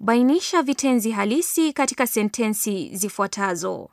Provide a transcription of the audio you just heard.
Bainisha vitenzi halisi katika sentensi zifuatazo.